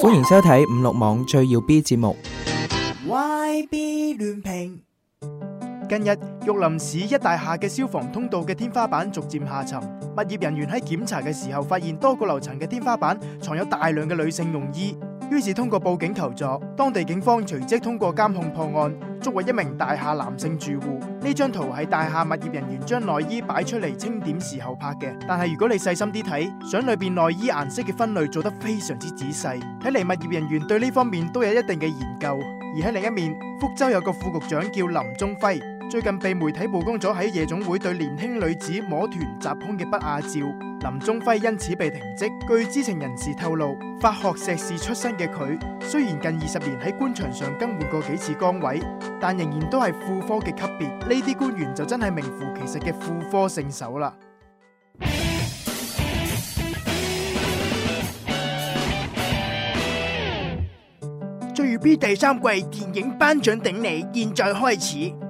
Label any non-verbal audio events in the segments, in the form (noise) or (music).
歡迎收睇五六網最耀 B 節目。Y B 亂評，近日玉林市一大廈嘅消防通道嘅天花板逐漸下沉，物業人員喺檢查嘅時候發現多個樓層嘅天花板藏有大量嘅女性用衣，於是通過報警求助，當地警方隨即通過監控破案。作為一名大廈男性住戶，呢張圖係大廈物業人員將內衣擺出嚟清點時候拍嘅。但係如果你細心啲睇，相裏面內衣顏色嘅分類做得非常之仔細，睇嚟物業人員對呢方面都有一定嘅研究。而喺另一面，福州有個副局長叫林中輝。最近被媒體曝光咗喺夜總會對年輕女子摸臀襲胸嘅不雅照，林宗輝因此被停職。據知情人士透露，法學碩士出身嘅佢，雖然近二十年喺官場上更換過幾次崗位，但仍然都係副科嘅級別。呢啲官員就真係名副其實嘅副科聖手啦。最耀 B 第三季電影頒獎典禮，現在開始。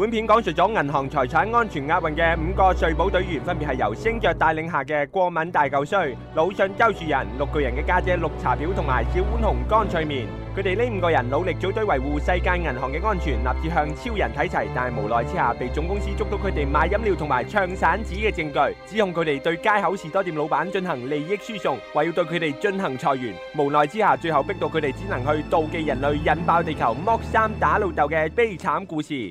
本片講述咗銀行財產安全押運嘅五個稅保隊員，分別係由星爵帶領下嘅過敏大舊衰、魯迅周樹人、綠巨人嘅家姐綠茶婊同埋小浣熊乾脆麵。佢哋呢五個人努力組隊維護世界銀行嘅安全，立志向超人睇齊，但係無奈之下被總公司捉到佢哋買飲料同埋唱散紙嘅證據，指控佢哋對街口士多店老闆進行利益輸送，話要對佢哋進行裁員。無奈之下，最後逼到佢哋只能去妒忌人類引爆地球、剝衫打老豆嘅悲慘故事。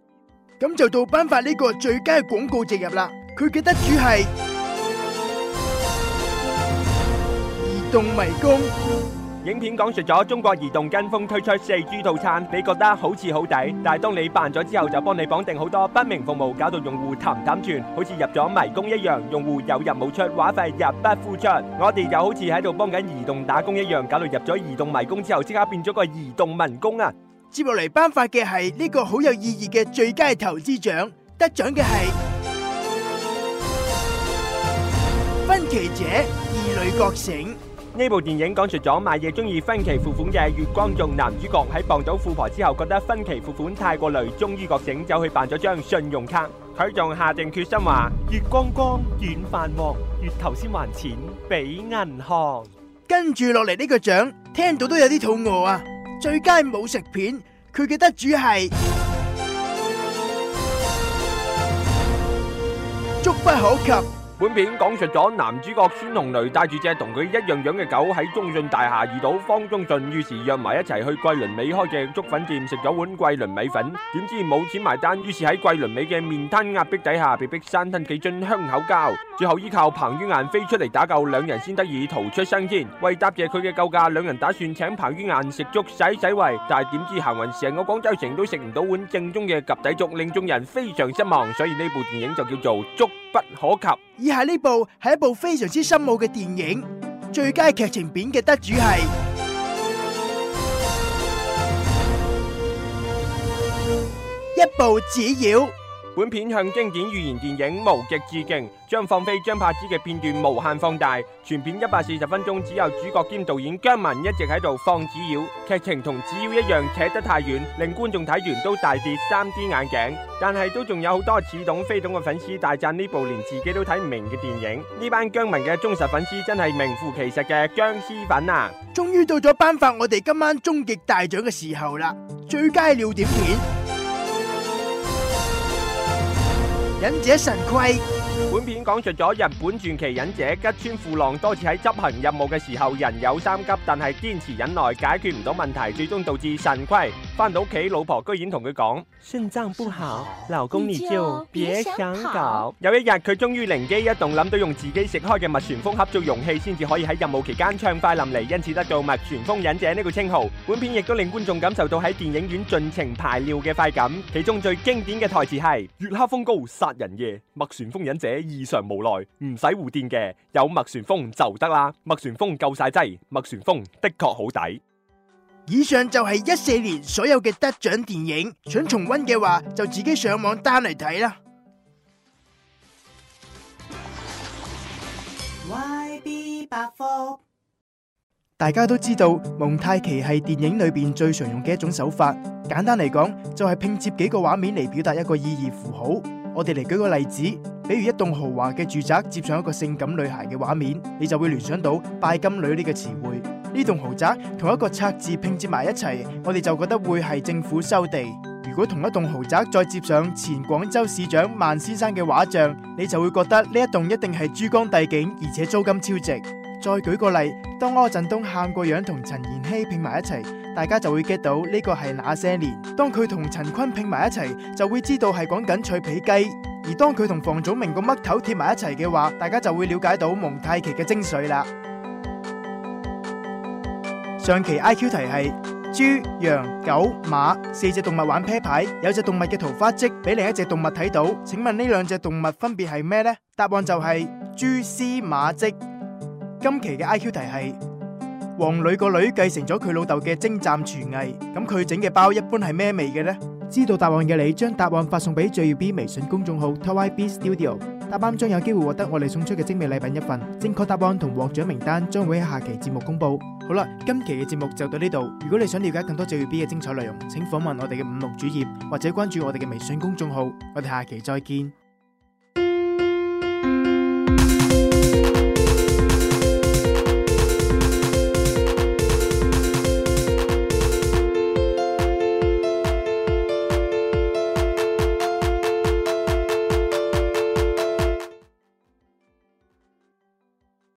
咁就到頒發呢個最佳廣告植入啦，佢嘅得主係移動迷宮。影片講述咗中國移動跟風推出四 G 套餐，你覺得好似好抵，但係當你辦咗之後，就幫你綁定好多不明服務，搞到用戶氹氹轉，好似入咗迷宮一樣，用戶有入冇出，話費入不敷出。我哋又好似喺度幫緊移動打工一樣，搞到入咗移動迷宮之後，即刻變咗個移動民工啊！接落嚟頒發嘅係呢個好有意義嘅最佳投資獎，得獎嘅係分歧者二異類覺醒呢部電影講述咗買嘢中意分期付款嘅月光族男主角喺傍到富婆之後，覺得分期付款太過累，終於覺醒，走去辦咗張信用卡。佢仲下定決心話：月光光，軟飯王，月頭先還錢俾銀行。跟住落嚟呢個獎，聽到都有啲肚餓啊！最佳武食片，佢嘅得主係《觸不可及》。本片講述咗男主角孫紅雷帶住隻同佢一樣樣嘅狗喺中信大廈遇到方中信，於是約埋一齊去桂綸鎂開嘅粥粉店食咗碗桂倫米粉，點知冇錢埋單，於是喺桂綸鎂嘅麵攤壓迫底下被逼生吞幾樽香口膠，最後依靠彭於晏飛出嚟打救，兩人先得以逃出生天。為答謝佢嘅救駕，兩人打算請彭於晏食粥洗洗胃，但係點知行運成個廣州城都食唔到碗正宗嘅及第粥，令眾人非常失望，所以呢部電影就叫做《粥不可及》。以下呢部係一部非常之深奧嘅電影，最佳劇情片嘅得主係 (music) 一部紙妖。本片向經典寓言電影《無極》致敬，將放飛張柏芝嘅片段無限放大。全片一百四十分鐘，只有主角兼導演姜文一直喺度放紙鷂。劇情同紙鷂一樣扯得太遠，令觀眾睇完都大跌三 D 眼鏡。但係都仲有好多似懂非懂嘅粉絲大讚呢部連自己都睇唔明嘅電影。呢班姜文嘅忠實粉絲真係名副其實嘅殭屍粉啊！終於到咗頒發我哋今晚終極大獎嘅時候啦！最佳尿點片。忍者神龜。本片講述咗日本傳奇忍者吉川富浪多次喺執行任務嘅時候人有三急，但係堅持忍耐解決唔到問題，最終導致腎虧。翻到屋企，老婆居然同佢講，腎臟不好，老公你就別想搞。嗯、有一日佢終於靈機一動，諗到用自己食開嘅麥旋風合作容器先至可以喺任務期間暢快淋漓，因此得到麥旋風忍者呢、這個稱號。本片亦都令觀眾感受到喺電影院盡情排尿嘅快感。其中最經典嘅台詞係月黑風高殺人夜，麥旋風忍者異常無奈，唔使護墊嘅，有麥旋風就得啦，麥旋風夠晒劑，麥旋風的確好抵。以上就係一四年所有嘅得獎電影，想重温嘅話就自己上網 down 嚟睇啦。YB 百科，大家都知道蒙太奇係電影裏邊最常用嘅一種手法。簡單嚟講，就係拼接幾個畫面嚟表達一個意義符號。我哋嚟舉個例子，比如一棟豪華嘅住宅接上一個性感女孩嘅畫面，你就會聯想到拜金女呢個詞彙。呢棟豪宅同一個拆字拼接埋一齊，我哋就覺得會係政府收地。如果同一棟豪宅再接上前廣州市長萬先生嘅畫像，你就會覺得呢一棟一定係珠江帝景，而且租金超值。再舉個例，當柯震東喊個樣同陳妍希拼埋一齊，大家就會 get 到呢個係那些年。當佢同陳坤拼埋一齊，就會知道係講緊脆皮雞。而當佢同房祖名個嘜頭貼埋一齊嘅話，大家就會了解到蒙太奇嘅精髓啦。上期 I Q 題係豬、羊、狗、馬四隻動物玩啤牌，有隻動物嘅桃花迹俾另一隻動物睇到，請問呢兩隻動物分別係咩呢？答案就係蛛絲馬迹。今期嘅 I Q 題係黃女個女繼承咗佢老豆嘅精湛廚藝，咁佢整嘅包一般係咩味嘅呢？知道答案嘅你，將答案發送俾最耀 B 微信公眾號 TOYB Studio。答啱將有機會獲得我哋送出嘅精美禮品一份，正確答案同獲獎名單將會喺下期節目公佈。好啦，今期嘅節目就到呢度。如果你想了解更多最耀 B 嘅精彩內容，請訪問我哋嘅五六主頁或者關注我哋嘅微信公衆號。我哋下期再見。